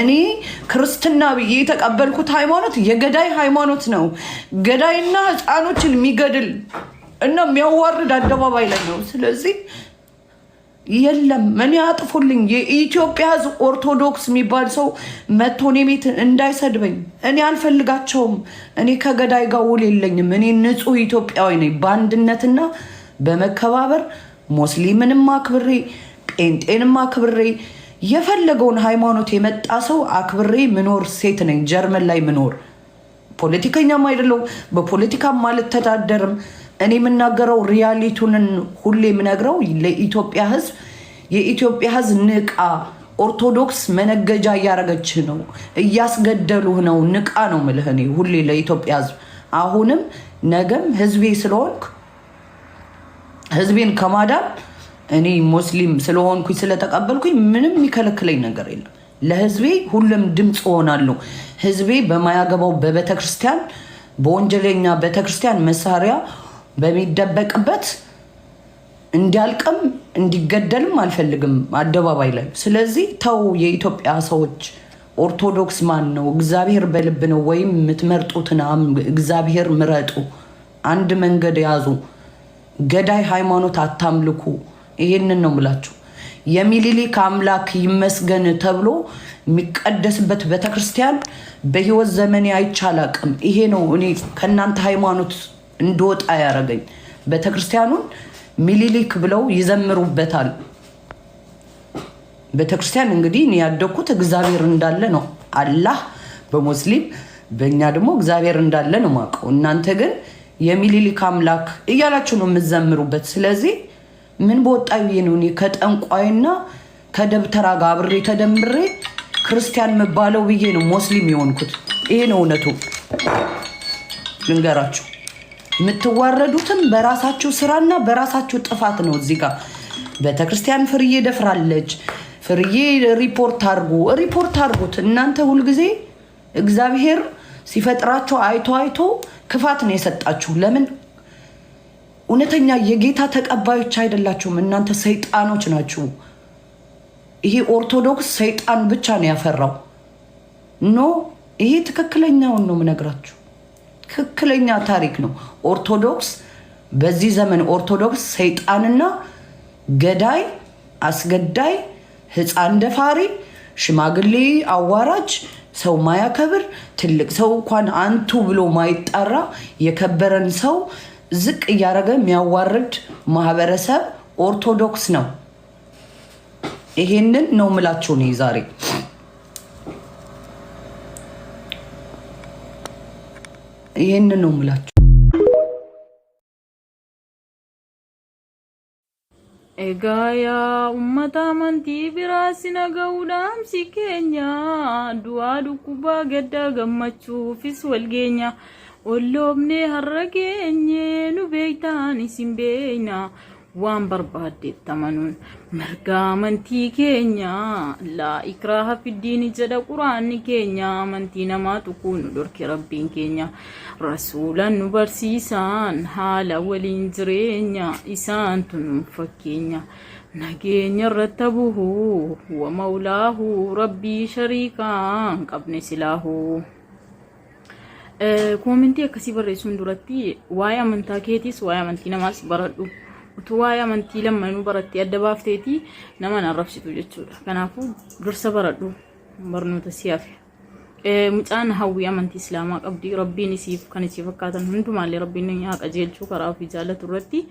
እኔ ክርስትና ብዬ የተቀበልኩት ሃይማኖት የገዳይ ሃይማኖት ነው። ገዳይና ህፃኖችን የሚገድል እና የሚያዋርድ አደባባይ ላይ ነው። ስለዚህ የለም እኔ አጥፉልኝ። የኢትዮጵያ ህዝብ ኦርቶዶክስ የሚባል ሰው መቶ እኔ ቤት እንዳይሰድበኝ። እኔ አልፈልጋቸውም። እኔ ከገዳይ ጋር ውል የለኝም። እኔ ንጹህ ኢትዮጵያዊ ነኝ። በአንድነትና በመከባበር ሙስሊምንም አክብሬ ጴንጤንም አክብሬ የፈለገውን ሃይማኖት የመጣ ሰው አክብሬ ምኖር ሴት ነኝ። ጀርመን ላይ ምኖር ፖለቲከኛም አይደለው በፖለቲካም አልተዳደርም። እኔ የምናገረው ሪያሊቱንን ሁሌ የምነግረው ለኢትዮጵያ ሕዝብ የኢትዮጵያ ሕዝብ ንቃ፣ ኦርቶዶክስ መነገጃ እያረገች ነው፣ እያስገደሉህ ነው፣ ንቃ ነው የምልህ እኔ ሁሌ ለኢትዮጵያ ሕዝብ አሁንም ነገም ሕዝቤ ስለሆንክ ሕዝቤን ከማዳን እኔ ሙስሊም ስለሆንኩኝ ስለተቀበልኩኝ ምንም የሚከለክለኝ ነገር የለም። ለህዝቤ ሁሉም ድምፅ እሆናለሁ። ህዝቤ በማያገባው በቤተክርስቲያን በወንጀለኛ ቤተክርስቲያን መሳሪያ በሚደበቅበት እንዲያልቅም እንዲገደልም አልፈልግም አደባባይ ላይ። ስለዚህ ተው የኢትዮጵያ ሰዎች፣ ኦርቶዶክስ ማን ነው? እግዚአብሔር በልብ ነው ወይም የምትመርጡትን እግዚአብሔር ምረጡ። አንድ መንገድ ያዙ። ገዳይ ሃይማኖት አታምልኩ። ይሄንን ነው ምላችሁ። የሚሊሊክ አምላክ ይመስገን ተብሎ የሚቀደስበት ቤተክርስቲያን በህይወት ዘመኔ አይቻላቅም። ይሄ ነው እኔ ከእናንተ ሃይማኖት እንድወጣ ያደረገኝ። ቤተክርስቲያኑን ሚሊሊክ ብለው ይዘምሩበታል። ቤተክርስቲያን እንግዲህ እኔ ያደግኩት እግዚአብሔር እንዳለ ነው። አላህ በሙስሊም በእኛ ደግሞ እግዚአብሔር እንዳለ ነው የማውቀው። እናንተ ግን የሚሊሊክ አምላክ እያላችሁ ነው የምዘምሩበት። ስለዚህ ምን በወጣ ብዬ ነው እኔ ከጠንቋይና ከደብተራ ጋር አብሬ ተደምሬ ክርስቲያን የምባለው ብዬ ነው ሙስሊም የሆንኩት። ይሄ ነው እውነቱ። ልንገራችሁ፣ የምትዋረዱትም በራሳችሁ ስራና በራሳችሁ ጥፋት ነው። እዚህ ጋር ቤተክርስቲያን ፍርዬ ደፍራለች፣ ፍርዬ ሪፖርት አድርጉ፣ ሪፖርት አድርጉት። እናንተ ሁልጊዜ እግዚአብሔር ሲፈጥራችሁ አይቶ አይቶ ክፋት ነው የሰጣችሁ። ለምን እውነተኛ የጌታ ተቀባዮች አይደላችሁም። እናንተ ሰይጣኖች ናችሁ። ይሄ ኦርቶዶክስ ሰይጣን ብቻ ነው ያፈራው። ኖ ይሄ ትክክለኛውን ነው የምነግራችሁ። ትክክለኛ ታሪክ ነው። ኦርቶዶክስ በዚህ ዘመን ኦርቶዶክስ ሰይጣንና ገዳይ፣ አስገዳይ፣ ህፃን ደፋሪ፣ ሽማግሌ አዋራጅ፣ ሰው ማያከብር፣ ትልቅ ሰው እንኳን አንቱ ብሎ ማይጠራ የከበረን ሰው ዝቅ እያደረገ የሚያዋርድ ማህበረሰብ ኦርቶዶክስ ነው። ይሄንን ነው ምላችሁ ነው ዛሬ ይሄንን ነው ምላችሁ። Egaa yaa uummata amantii biraas na gahuudhaamsi keenya du'aa dhukkubaa gaddaa gammachuufis wal olloobnee har'a geenye nu beektaan isin beeyna. waan barbaaddeef tamanuun mirgaa amantii keenya laa ikraaha fiddiini jedha quraanni keenya amantii namaatu kun dhorke rabbiin keenya rasuulan nu barsiisaan haala waliin jireenya isaan tun fakkeenya nageenya irratti abuhu wa maulaahu rabbii shariikaa hin qabne silaahu. Koomentii akkasii barreessuun duratti waa'ee amantaa keetiis waa'ee amantii namaas baradhu. utuu waa'ee amantii lammanuu barattee adda baafteetii nama arrabsitu jechuudha. Kanaafuu dursa baradhu barnoota siyaaf. Mucaan hawwii amantii islaamaa qabdi. Rabbiin isiif kan isii fakkaatan hundumaallee rabbiin haa qajeelchuu karaa ofii jaallatu irratti